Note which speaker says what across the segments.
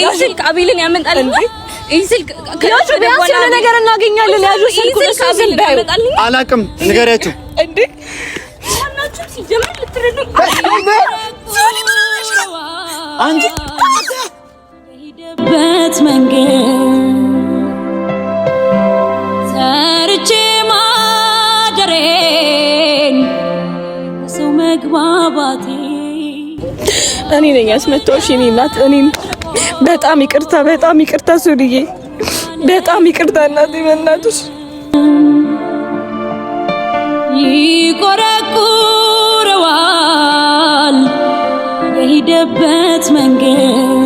Speaker 1: ይሄ ስልክ አቤልን ያመጣል እንጂ ይሄ ስልክ ነገር እናገኛለን። ያዙ፣ ስልክ አቤልን
Speaker 2: አላውቅም። ንገሪያቸው አንቺ
Speaker 3: ሄደበት መንገድ ሰርቼ ማደሬን ሰው መግባባቴ
Speaker 1: እኔ ነኝ ያስመጣሁሽ። እኔ እናት እኔ በጣም ይቅርታ፣ በጣም ይቅርታ ሱሪዬ፣ በጣም ይቅርታ እናቴ፣ በእናትሽ
Speaker 3: ይቆረቁረዋል የሂደበት መንገድ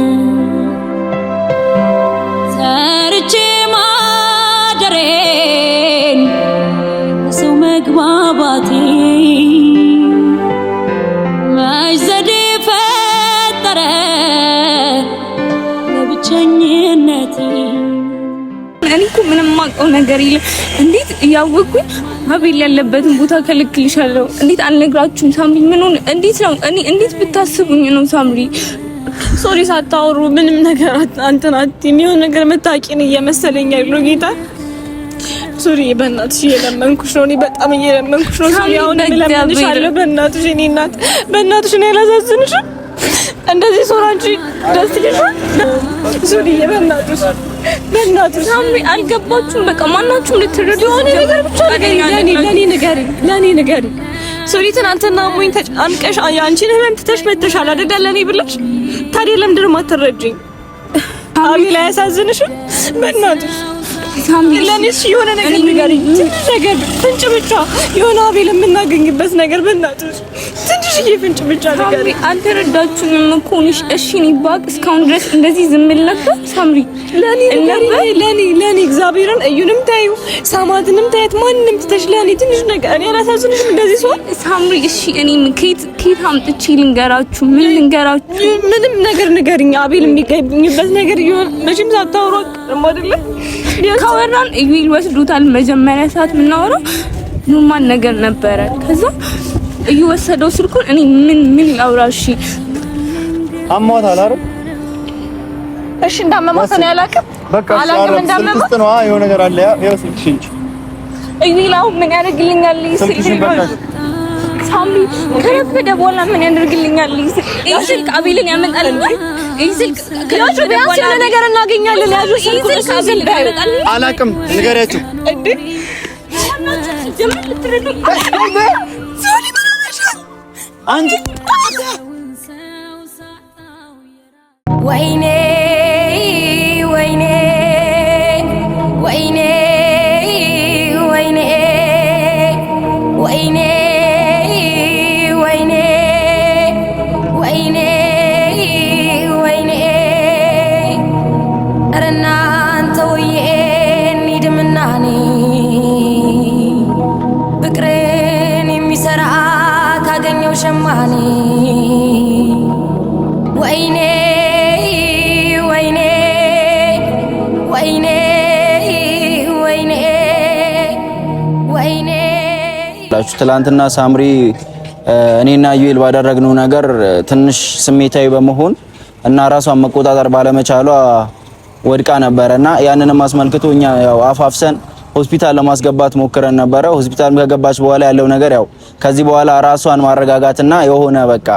Speaker 1: ምንም አውቀው ነገር የለም። እንዴት እያወቅኩኝ አቤል ያለበትን ቦታ ከልክልሻለሁ። እንዴት አልነግራችሁም? ሳምሪ ምን ሆነ? እንዴት ነው እኔ እንዴት ብታስቡኝ ነው ሳምሪ ሶሪ ሳታወሩ ምንም ነገር አንተና አትይም። የሆነ ነገር መታቂን እየመሰለኝ ያለው ጌታ ሶሪ፣ በእናትሽ እየለመንኩሽ ነው። እኔ በጣም እየለመንኩሽ ነው። ሶሪ፣ አሁን ለምንሽ አለ። በእናትሽ እኔ እናት፣ በእናትሽ ነው ያላሳዝንሽ። እንደዚህ ሶራንቺ ደስ ይልሽ ሶሪ፣ በእናትሽ በእናቱ አልገባችሁም። በቃ ማናችሁም ልትረዱ የሆነ ነገር ብቻ ለኔ ንገሪ፣ ለኔ ሶሪ ትናንትና አሞኝ ተጨንቀሽ አንቺን ህመም ትተሽ መጥተሻል አይደል? ለኔ ብለሽ ታዲያ ለምንድን ነው የማትረጂኝ? አቤ ላይ ያሳዝንሽም። በእናቱ ለኔስ የሆነ ነገር ንገሪ፣ ትንሽ ነገር ፍንጭ ብቻ የሆነ አቤ ለምናገኝበት ነገር በእናቱ ይፍንጭ ብቻ ነገር አልተረዳችሁንም እኮ ነሽ። እሺ እኔ እባክህ እስካሁን ድረስ እንደዚህ ዝም ነበር ሳምሪ። ለኔ ለኔ ለኔ እግዚአብሔርን እዩንም ታዩ ሳማትንም ታያት ማንንም ትተሽ ለኔ ትንሽ ነገር እኔ አላሳዝንሽ እንደዚህ ሲሆን ሳምሪ። እሺ እኔ ከየት ከየት አምጥቼ ልንገራችሁ? ምን ልንገራችሁ? ምንም ነገር ንገሪኝ። አቤል የሚገኝበት ነገር ይሁን መቼም ሳታወራ አይደለ ካወራን እዩል ወስዶታል። መጀመሪያ ሰዓት የምናወራው ኖርማል ነገር ነበረ ከዛ እየወሰደው ስልኩን እኔ ምን ምን ላውራ? እሺ አሟታል አይደል? እሺ እንዳመማት ነው ያላቅም
Speaker 2: በቃ አላቅም እንዳመማት ነው። አይ፣ የሆነ ነገር አለ ያው ስልክሽ
Speaker 1: እንጂ እይላው ምን ያደርግልኛል ስልክ ሳሚ ከረፈደ በኋላ ምን ያደርግልኛል ስልክ አቤልን ያመጣልኛል ስልክ ያዙ ቢያንስ የሆነ ነገር እናገኛለን ያዙ ስልክ አቤል
Speaker 2: አላቅም ንገሪያችሁ እንዴ አንቺ
Speaker 3: ወይኔ ወይኔ ወይኔ ወይኔ ወይኔ ወይኔ ወይኔ ወይኔ ሸማኔ ወይኔ ወይኔ ወይኔ ወይኔ ወይኔ
Speaker 4: ትላንትና ሳምሪ እኔና ዩኤል ባደረግነው ነገር ትንሽ ስሜታዊ በመሆን እና ራሷን መቆጣጠር ባለመቻሏ ወድቃ ነበረና ያንንም አስመልክቶ እኛ ያው አፋፍሰን ሆስፒታል ለማስገባት ሞክረን ነበረ። ሆስፒታል ከገባች በኋላ ያለው ነገር ያው ከዚህ በኋላ ራሷን ማረጋጋትና የሆነ በቃ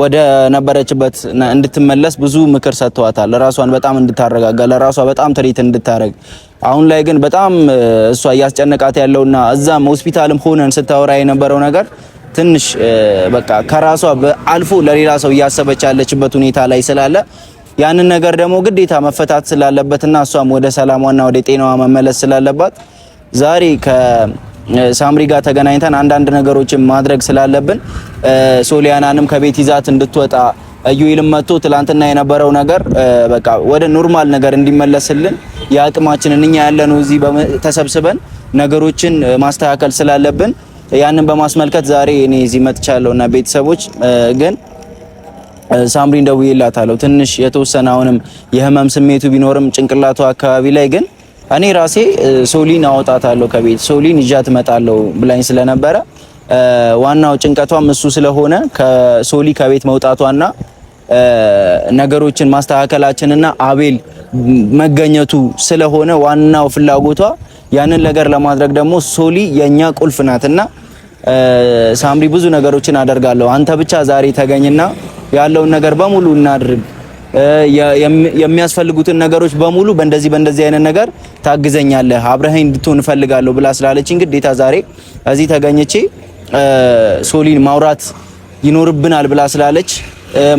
Speaker 4: ወደ ነበረችበት እንድትመለስ ብዙ ምክር ሰጥተዋታል። ራሷን በጣም እንድታረጋጋ ለራሷ በጣም ትሪት እንድታረግ። አሁን ላይ ግን በጣም እሷ እያስጨነቃት ያለውና እዛም ሆስፒታልም ሆነን ስታወራ የነበረው ነገር ትንሽ በቃ ከራሷ አልፎ ለሌላ ሰው እያሰበች ያለችበት ሁኔታ ላይ ስላለ ያንን ነገር ደግሞ ግዴታ መፈታት ስላለበትና እሷም ወደ ሰላሟና ወደ ጤናዋ መመለስ ስላለባት ዛሬ ከሳምሪ ጋር ተገናኝተን አንዳንድ ነገሮችን ማድረግ ስላለብን ሶሊያናንም ከቤት ይዛት እንድትወጣ እዩይልም መጥቶ ትላንትና የነበረው ነገር በቃ ወደ ኖርማል ነገር እንዲመለስልን የአቅማችንን እኛ ያለነው እዚህ ተሰብስበን ነገሮችን ማስተካከል ስላለብን ያንን በማስመልከት ዛሬ እኔ እዚህ መጥቻለሁና ቤተሰቦች ግን ሳምሪ እንደውዬላታለሁ ትንሽ የተወሰነ አሁንም የህመም ስሜቱ ቢኖርም ጭንቅላቱ አካባቢ ላይ ግን እኔ ራሴ ሶሊን አወጣታለሁ ከቤት ሶሊን ይዣት እመጣለሁ ብላኝ ስለነበረ ዋናው ጭንቀቷም እሱ ስለሆነ ከሶሊ ከቤት መውጣቷና ነገሮችን ማስተካከላችንና አቤል መገኘቱ ስለሆነ ዋናው ፍላጎቷ ያንን ነገር ለማድረግ ደግሞ ሶሊ የኛ ቁልፍ ናትና፣ ሳምሪ ብዙ ነገሮችን አደርጋለሁ አንተ ብቻ ዛሬ ተገኝና ያለውን ነገር በሙሉ እናድርግ፣ የሚያስፈልጉትን ነገሮች በሙሉ በእንደዚህ በእንደዚህ አይነት ነገር ታግዘኛለህ፣ አብረኸኝ እንድትሆን እፈልጋለሁ ብላ ስላለችኝ ግዴታ ዛሬ እዚህ ተገኝቼ ሶሊን ማውራት ይኖርብናል ብላ ስላለች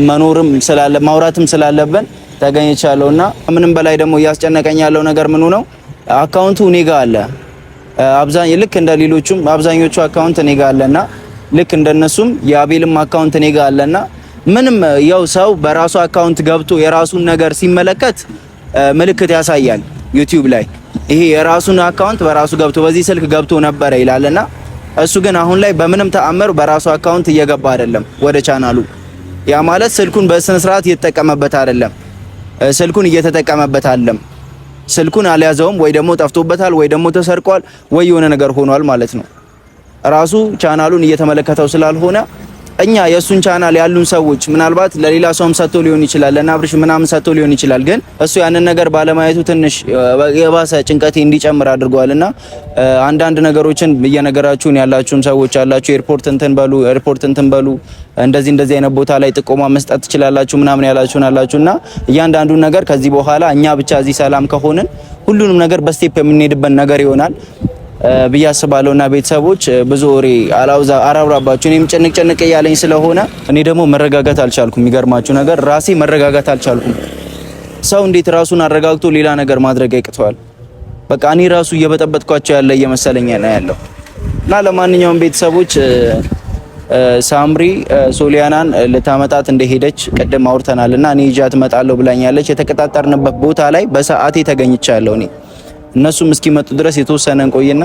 Speaker 4: መኖርም ስላለ ማውራትም ስላለብን ተገኝቻለሁ ምንም በላይ ደግሞ እያስጨነቀኝ ያለው ነገር ምኑ ነው? አካውንቱ እኔ አለ። አብዛኝ ልክ እንደ ሌሎቹም አብዛኞቹ አካውንት እኔ አለና ልክ እንደነሱም የአቤልም አካውንት እኔ አለና ምንም ያው ሰው በራሱ አካውንት ገብቶ የራሱን ነገር ሲመለከት ምልክት ያሳያል። ዩቲዩብ ላይ ይሄ የራሱን አካውንት በራሱ ገብቶ በዚህ ስልክ ገብቶ ነበረ ይላልና እሱ ግን አሁን ላይ በምንም ተአምር በራሱ አካውንት እየገባ አይደለም ወደ ቻናሉ። ያ ማለት ስልኩን በስነ ስርዓት እየተጠቀመበት አይደለም። ስልኩን እየተጠቀመበት አይደለም። ስልኩን አልያዘውም ወይ ደግሞ ጠፍቶበታል ወይ ደግሞ ተሰርቋል ወይ የሆነ ነገር ሆኗል ማለት ነው። ራሱ ቻናሉን እየተመለከተው ስላልሆነ እኛ የእሱን ቻናል ያሉን ሰዎች ምናልባት ለሌላ ሰውም ሰጥቶ ሊሆን ይችላል፣ ለናብርሽ ምናምን ሰጥቶ ሊሆን ይችላል። ግን እሱ ያንን ነገር ባለማየቱ ትንሽ የባሰ ጭንቀቴ እንዲጨምር አድርጓል። እና አንዳንድ ነገሮችን እየነገራችሁን ያላችሁም ሰዎች አላችሁ። ኤርፖርት እንትን በሉ፣ ኤርፖርት እንትን በሉ፣ እንደዚህ እንደዚህ አይነት ቦታ ላይ ጥቆማ መስጠት ትችላላችሁ ምናምን ያላችሁን አላችሁ እና እያንዳንዱን ነገር ከዚህ በኋላ እኛ ብቻ እዚህ ሰላም ከሆንን ሁሉንም ነገር በስቴፕ የምንሄድበት ነገር ይሆናል። ብዬ አስባለሁ። እና ቤተሰቦች ብዙ ወሬ አላውዛ አራብራባችሁ እኔም ጭንቅ ጭንቅ እያለኝ ስለሆነ እኔ ደግሞ መረጋጋት አልቻልኩም። የሚገርማችሁ ነገር ራሴ መረጋጋት አልቻልኩም። ሰው እንዴት ራሱን አረጋግቶ ሌላ ነገር ማድረግ አይቅተዋል? በቃ እኔ ራሱ እየበጠበጥኳቸው ያለ እየመሰለኝ ነው ያለው። እና ለማንኛውም ቤተሰቦች ሳምሪ ሶሊያናን ልታመጣት እንደሄደች ቅድም አውርተናል እና እኔ ይዣት እመጣለሁ ብላኛለች። የተቀጣጠርንበት ቦታ ላይ በሰዓቴ ተገኝቻለሁ እኔ እነሱም እስኪመጡ ድረስ የተወሰነ እንቆይና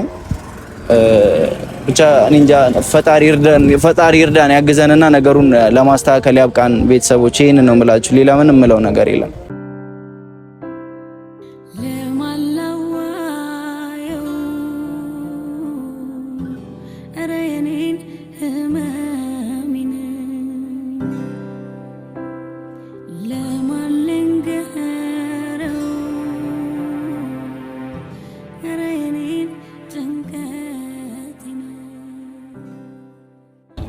Speaker 4: ብቻ እንጃ ፈጣሪ ይርዳን፣ ፈጣሪ ይርዳን ያግዘንና ነገሩን ለማስተካከል ያብቃን። ቤተሰቦች ይህን ነው የምላችሁ። ሌላ ምንም ምለው ነገር የለም።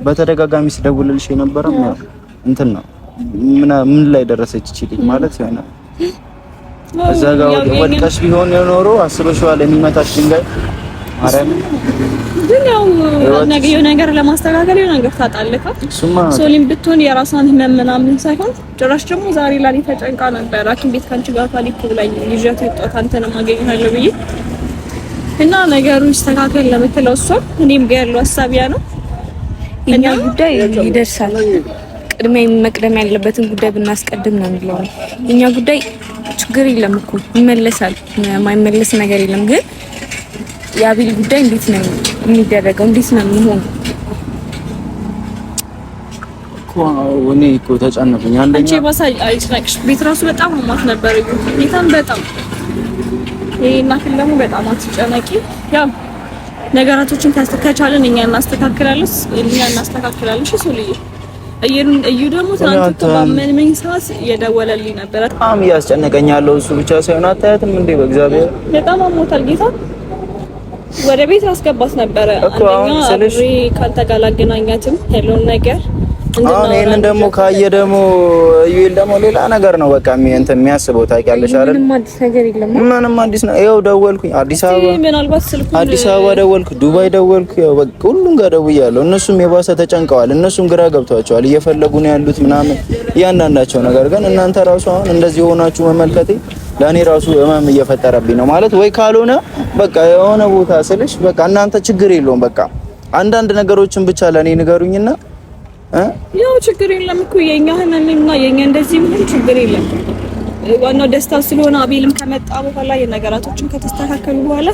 Speaker 4: በተደጋጋሚ ስደውልልሽ የነበረ እንትን ነው። ምን ላይ ደረሰች እቺ ማለት የሆነ እዛ ጋር ወድቀሽ ቢሆን የኖሮ አስበሽዋል የሚመታሽ ድንጋይ ማርያም
Speaker 1: ግን ያው የሆነ ነገር ለማስተካከል የሆነ ነገር ታጣለካ ሶሊም ብትሆን የራሷን ህመም ምናምን ሳይሆን ጭራሽ ደግሞ ዛሬ ላይ ተጨንቃ ነበር። ሐኪም ቤት ካንቺ ጋር ታሊኩ ብላኝ ይዣት ወጣት አንተን ማገኘታለሁ ብዬ እና ነገሩ ይስተካከል ለምትለው እሷ እኔም ጋር ያለው ሀሳብ ያ ነው። እኛ ጉዳይ ይደርሳል። ቅድሚያ መቅደም ያለበትን ጉዳይ ብናስቀድም ነው የሚለው። እኛ ጉዳይ ችግር የለም እኮ ይመለሳል። የማይመለስ ነገር የለም። ግን የአቤል ጉዳይ እንዴት ነው የሚደረገው? እንዴት ነው የሚሆነው?
Speaker 4: እኔ እኮ ተጨነኩኝ።
Speaker 1: አንቺ ባሳይ አይጭነቅሽ። ቤት ራሱ በጣም አሟት ነበር። ቤታን በጣም እናትን ደግሞ በጣም አትጨነቂ ያው ነገራቶችን ከቻለን እኛ እናስተካክላለን እኛ እናስተካክላለን። እሺ ሶልዬ እዩ ደግሞ ትናንት በመንመኝ ሰዓት የደወለልኝ ነበረ። በጣም
Speaker 4: እያስጨነቀኝ ያለው እሱ ብቻ ሳይሆን አታያትም እንዴ? በእግዚአብሔር
Speaker 1: በጣም አሞታል ጌታ። ወደ ቤት አስገባት ነበረ አንደኛ አብሬ ካልተጋላገናኛትም ያለውን ነገር
Speaker 4: አሁን ይሄንን ደግሞ ካየ ደግሞ ዩኤል ደግሞ ሌላ ነገር ነው በቃ እንትን የሚያስበው ታውቂያለሽ
Speaker 1: አይደል? ምንም አዲስ ነገር የለም።
Speaker 4: ምንም አዲስ ነው። ይኸው ደወልኩኝ፣ አዲስ አበባ አዲስ አበባ ደወልኩ፣ ዱባይ ደወልኩ። ያው በቃ ሁሉም ጋር ደውያለሁ። እነሱም የባሰ ተጨንቀዋል። እነሱም ግራ ገብቷቸዋል። እየፈለጉ ነው ያሉት ምናምን እያንዳንዳቸው ነገር ግን እናንተ ራሱ አሁን እንደዚህ የሆናችሁ መመልከቴ ለእኔ ራሱ ህመም እየፈጠረብኝ ነው ማለት ወይ ካልሆነ በቃ የሆነ ቦታ ስልሽ በቃ እናንተ ችግር የለውም በቃ አንዳንድ ነገሮችን ብቻ ለእኔ ንገሩኝና
Speaker 1: ያው ችግር የለም እኮ የኛ ህመምና የኛ እንደዚህ ምንም ችግር የለም። ዋናው ደስታ ስለሆነ አቤልም ከመጣ በኋላ የነገራቶችን ከተስተካከሉ በኋላ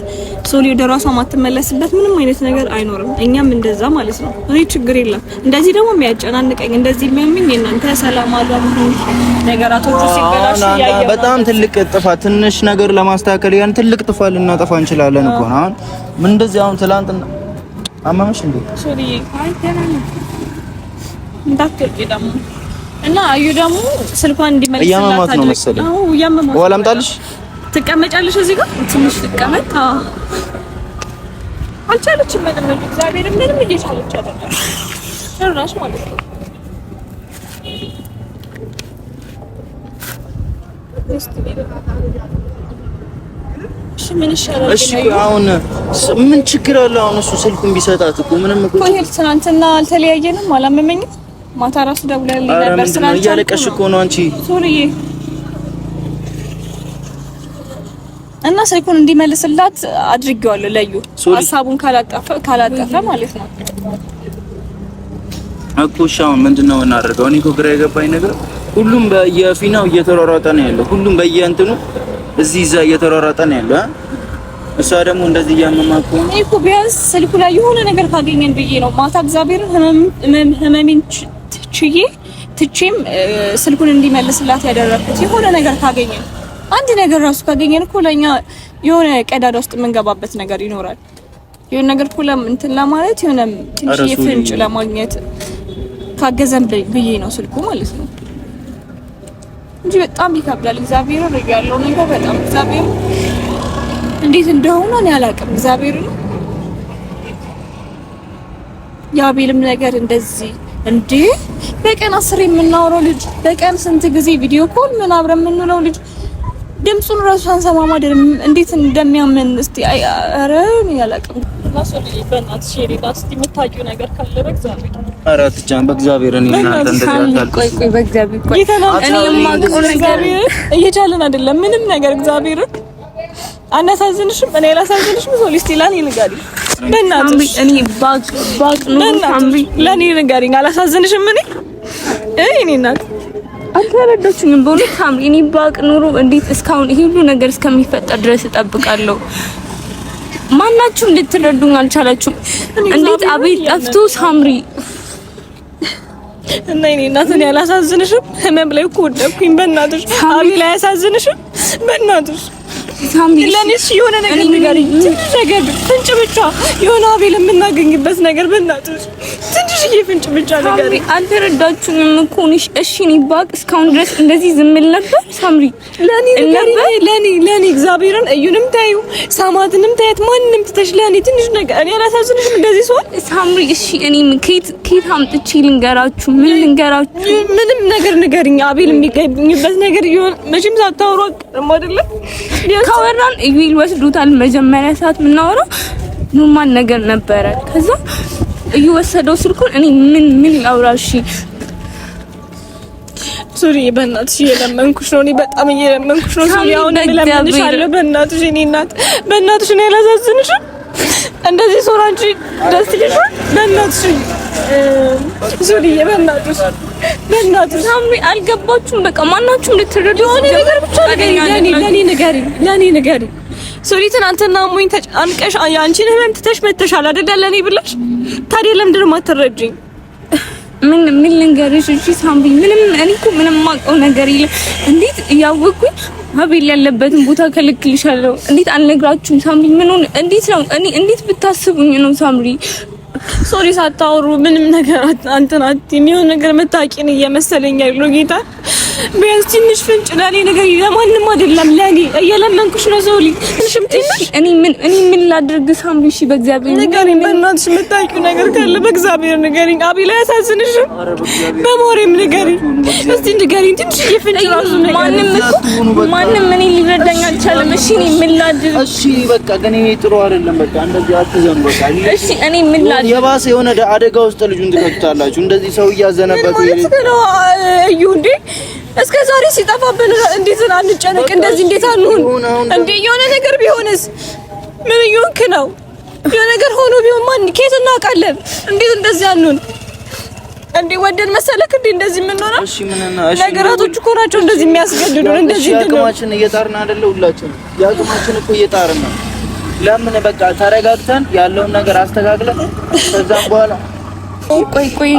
Speaker 1: ሶሊ ወደ ራሷ ማትመለስበት ምንም አይነት ነገር አይኖርም። እኛም እንደዛ ማለት ነው። እኔ ችግር የለም። እንደዚህ ደግሞ የሚያጨናንቀኝ እንደዚህ የሚያምኝ እናንተ ሰላም አሉ ነገራቶቹ
Speaker 4: ሲበላሹ በጣም ትልቅ ጥፋት፣ ትንሽ ነገር ለማስተካከል ያን ትልቅ ጥፋት ልናጠፋ እንችላለን እኮ አሁን ምን እንደዚህ አሁን ትላንት አማመሽ እንዴ
Speaker 1: ሶሊ አይ እንዳትወጪ ደግሞ እና እዩ ደግሞ ስልኳን እንዲመልስ እያመማት
Speaker 4: ነው መሰለኝ። አዎ እያመማት ነው። ላምጣልሽ።
Speaker 1: ትቀመጫለሽ እዚህ ጋር ትንሽ ትቀመጥ። አልቻለችም። ምንም እግዚአብሔር ምንም እየቻለች አይደለም ጭራሽ ማለት ነው።
Speaker 4: እሺ አሁን ምን ችግር አለ? አሁን እሱ ስልኩን ቢሰጣት እኮ ምንም እኮ
Speaker 1: ትናንትና አልተለያየንም፣ አላመመኝም ማታ ራሱ ደውላልኝ ነበር
Speaker 4: ስላልቻልኩ እያለቀሽ እኮ ነው አንቺ።
Speaker 1: ሶሪዬ እና ስልኩን እንዲመልስላት አድርጌዋለሁ። ለዩ ሀሳቡን ካላጠፈ ካላጠፈ ማለት ነው
Speaker 4: እኮ እሺ። አሁን ምንድን ነው እናደርገው? እኔ እኮ ግራ የገባኝ ነገር ሁሉም በየፊናው እየተሯሯጠ ነው ያለው። ሁሉም በየእንትኑ እዚህ እዛ እየተሯሯጠ ነው ያለው። እሷ ደግሞ እንደዚህ ነው
Speaker 1: እኮ ቢያንስ ስልኩ ላይ የሆነ ነገር ካገኘን ብዬ ነው ማታ እግዚአብሔርን ህመም ህመሜን ችዬ ትቼም ስልኩን እንዲመልስላት ያደረኩት የሆነ ነገር ካገኘን አንድ ነገር ራሱ ካገኘን እኮ ለእኛ የሆነ ቀዳዳ ውስጥ የምንገባበት ነገር ይኖራል። የሆነ ነገር እኮ እንትን ለማለት የሆነ ትንሽ ፍንጭ ለማግኘት ካገዘን ብዬ ነው ስልኩ ማለት ነው እንጂ በጣም ይከብዳል። እግዚአብሔር ያለው ነገር በጣም እግዚአብሔር እንዴት እንደሆነ እኔ አላውቅም። እግዚአብሔር የአቤልም ነገር እንደዚህ እንዴ በቀን አስር የምናወራው ልጅ በቀን ስንት ጊዜ ቪዲዮ ኮል ምን አብረን የምንውለው ልጅ ድምፁን ራሱ አንሰማ ማደር እንዴት እንደሚያምን እስቲ አረ ያላቅም እየቻለን አይደለም ምንም ነገር እግዚአብሔር አናሳዝንሽም እኔ ላሳዝንሽም ሶሊስቲላን ይንጋል ለእኔ ንገሪኝ። አላሳዝንሽም? እኔ እኔ አልተረዳችኝም በእውነት ካምሪ። እኔ ባቅ ኑሮ እንዴት እስካሁን ይሄ ሁሉ ነገር እስከሚፈጠር ድረስ እጠብቃለሁ። ማናችሁም ልትረዱኝ አልቻላችሁም። እንዴት አቤት ጠፍቶ ሳምሪ እና እኔ እናት እኔ አላሳዝንሽም። ህመም ላይ እኮ ወደኩኝ። በእናትሽ አቤል አያሳዝንሽም? በእናትሽ ለእኔስ የሆነ ነገር ንገሪኝ። ትንሽ ነገር ብቻ የሆነ አቤል የምናገኝበት ነገር የፍንጭ ብቻ ነገር አልተረዳችሁም እኮ ነሽ። እሺ እኔ ባቅ እስካሁን ድረስ እንደዚህ ዝም ል ነበር። ሳምሪ ለኔ ነበር ለኔ ለኔ እግዚአብሔርን እዩንም ታዩ ሳማትንም ታያት ማንንም ትተሽ ለኔ ትንሽ ነገር እኔ አላሳዝንሽም እንደዚህ ሲሆን ሳምሪ። እሺ እኔ ከየት ከየት አምጥቼ ልንገራችሁ? ምን ልንገራችሁ? ምንም ነገር ንገርኝ። አቤል የሚገኝበት ነገር ይሁን መቼም ሳታወሩ አቀርም አይደለም። ካወራን እዩ ይወስዱታል። መጀመሪያ ሰዓት የምናወራው ኖርማል ነገር ነበረ ከዛ እየወሰደው ስልኩን እኔ ምን ምን ላውራሽ? ሶሪ በእናትሽ እየለመንኩሽ ነው። እኔ በጣም እየለመንኩሽ ነው። ሶሪ አሁን እለምንሻለሁ። በእናትሽ እኔ እናት በእናትሽ ነው አላሳዝንሽም። እንደዚህ ሶራንቺ ደስ ይልሻል። በእናትሽ ሶሪ በእናትሽ በእናትሽ ሳሚ አልገባችሁም። በቃ ማናችሁም ልትረዱ የሆነ ነገር ብቻ ለኔ ንገሪ፣ ለኔ ንገሪ ሶሪ ትናንትና አሞኝ ተጫንቀሽ አንቺን ህመም ትተሽ መተሻል አይደል? ለኔ ብለሽ ታዲያ ለምንድን ነው የማትረጂኝ? ምን ምን ልንገርሽ? እሺ ሳምቢ፣ ምንም እኔ እኮ ምንም የማውቀው ነገር የለም። እንዴት እያወቅኩኝ አቤል ያለበትን ቦታ ከልክልሻለሁ። እንዴት አልነግራችሁም? ሳምቢ፣ ምን ሆነ? እንዴት ነው እኔ እንዴት ብታስቡኝ ነው? ሳምሪ፣ ሶሪ ሳታወሩ ምንም ነገር አንተናት የሚሆን ነገር መታቂን እየመሰለኝ ያለው ጌታ ቢያንስ ትንሽ ፍንጭ ለኔ ነገር ለማንም አይደለም ለኔ እየለመንኩሽ ነው። ሰው ልጅ ትንሽም ትንሽ እኔ ምን እኔ ምን ላድርግ ሳምሪ? እሺ በእግዚአብሔር ንገሪኝ። በእናትሽ የምታውቂው ነገር ካለ በእግዚአብሔር ንገሪኝ። አቤል አያሳዝንሽም? በሞሬም ንገሪኝ፣ እስቲ ንገሪኝ። ትንሽ ፍንጭ ራሱ ነገር ማንም ማንም እኔ ሊረዳኝ አልቻለም። እሺ እኔ ምን ላድርግ? እሺ
Speaker 4: በቃ ግን እኔ ጥሩ አይደለም። በቃ እንደዚህ አትዘን። በቃ
Speaker 1: እሺ እኔ ምን ላድርግ?
Speaker 4: የባሰ የሆነ አደጋ ውስጥ ልጁን ትከቱታላችሁ። እንደዚህ ሰው እያዘነበት
Speaker 1: ነው እዩ እንዴ እስከ ዛሬ ሲጠፋብን እንዴት አንጨነቅ? እንደዚህ እንዴት አንሁን? እንዴ የሆነ ነገር ቢሆንስ? ምን እየሆንክ ነው? የሆነ ነገር ሆኖ ቢሆን ማን ኬት እናውቃለን? እንዴት እንደዚህ አንሁን? እንዴ ወደን መሰለክ እንዴ እንደዚህ ምን ሆነ? እሺ ምን እና እሺ ነገራቶቹ እኮ ናቸው እንደዚህ የሚያስገድዱን። እንደዚህ እንደው
Speaker 4: ያቅማችን እየጣርን አይደለ? ሁላችን ያቅማችን እኮ እየጣርን ነው። ለምን በቃ ተረጋግተን ያለውን ነገር አስተካክለን ከዛም በኋላ ቆይ ቆይ፣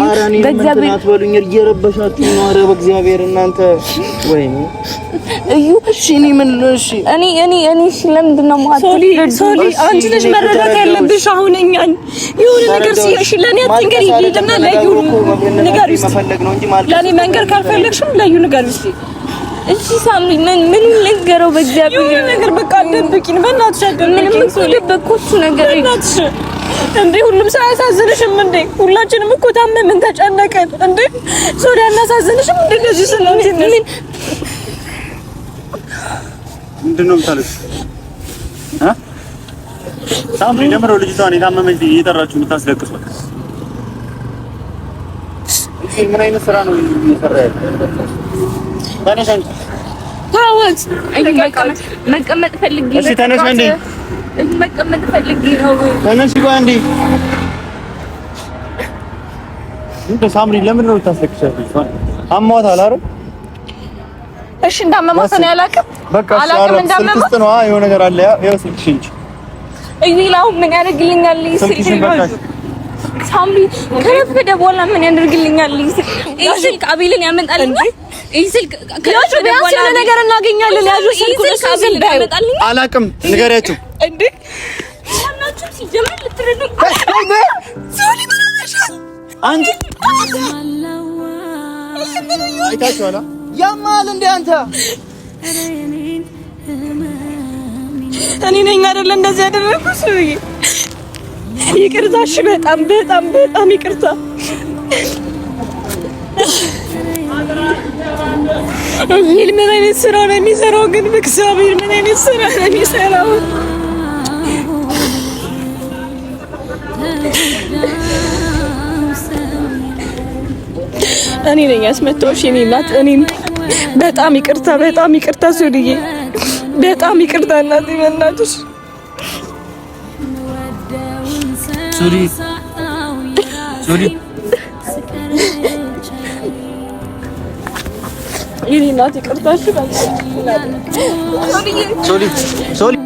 Speaker 4: በእግዚአብሔር አትበሉኝ፣ እየረበሻችሁ ነው። ኧረ በእግዚአብሔር እናንተ ወይ
Speaker 1: እዩ። እሺ እኔ ምን ልሽ እኔ እኔ እኔ እሺ፣ ለምንድን ነው ሶሊ፣ ሶሊ፣ አንቺ ልጅ መረዳት ያለብሽ አሁን እኛን የሆነ ነገር ሲያሽ ለኔ አትንገሪ፣ ሂድና ለዩ ንገሪ እስቲ። ለኔ መንገር ካልፈለግሽም ለዩ ንገሪ እስቲ። እሺ ሳምሪ ምን ምን ልንገረው? በእግዚአብሔር የሆነ ነገር በቃ ደብቂኝ፣ በእናትሽ። ምንም እኮ ደበቅኩት ነገር በእናትሽ እንዴ ሁሉም ሰው አያሳዝንሽም እንዴ? ሁላችንም እኮ ታመምን፣ ተጨነቀን እንዴ ሶሪ እናሳዝንሽም እንዴ? ለዚህ ስለሆነ ምን
Speaker 2: ምንድነው የምታለቅስ? ታምሪ ደምሮ ልጅቷን የታመመች እየጠራችሁ የምታስለቅሷት ምን አይነት ስራ ነው እየሰራ ያለው? ተነሽ አንቺ።
Speaker 1: ተወት መቀመጥ ፈልጌ እሺ፣ ተነሽ እንዴ መቀመጥ ፈልጌ ነው።
Speaker 2: ተነሽ እንዴ ሳምሪ ለምን ነው ታስለቅሻለሽ? አሟታል አይደል?
Speaker 1: እሺ እንዳመማት ነው ያላቅም
Speaker 2: አላቅም እንዳመማት ነው። የሆነ ነገር አለ። ያው ስልክሽ
Speaker 1: እንጂ ምን ያደርግልኛል ሳምሪ ከረፈደ በኋላ ምን ያደርግልኛል ስልክ አቤልን ያመጣልኛል። ይህ ስልክ ቢያንስ የሆነ ነገር እናገኛለን። ያዙ ያመጣልኛል። አላቅም ንገሪያቸው እንዴ ማናችሁም ሲጀመር ልትረዱኝ አይታችኋላ ያማል እንደ አንተ እኔ ነኝ አይደለ እንደዚህ ያደረኩት። ይቅርታ፣ እሺ፣ በጣም በጣም በጣም ይቅርታ። ምን አይነት ስራ ነው የሚሰራው? ግን በእግዚአብሔር ምን አይነት ስራ ነው የሚሰራው? እኔ ነኝ ያስመታሁሽ የኔ እናት። እኔም በጣም ይቅርታ፣ በጣም ይቅርታ ሶልዬ፣ በጣም ይቅርታ እናቴ፣ በእናትሽ ሱሪ ሱሪ የኔ እናት ይቅርታሽ ሶሊ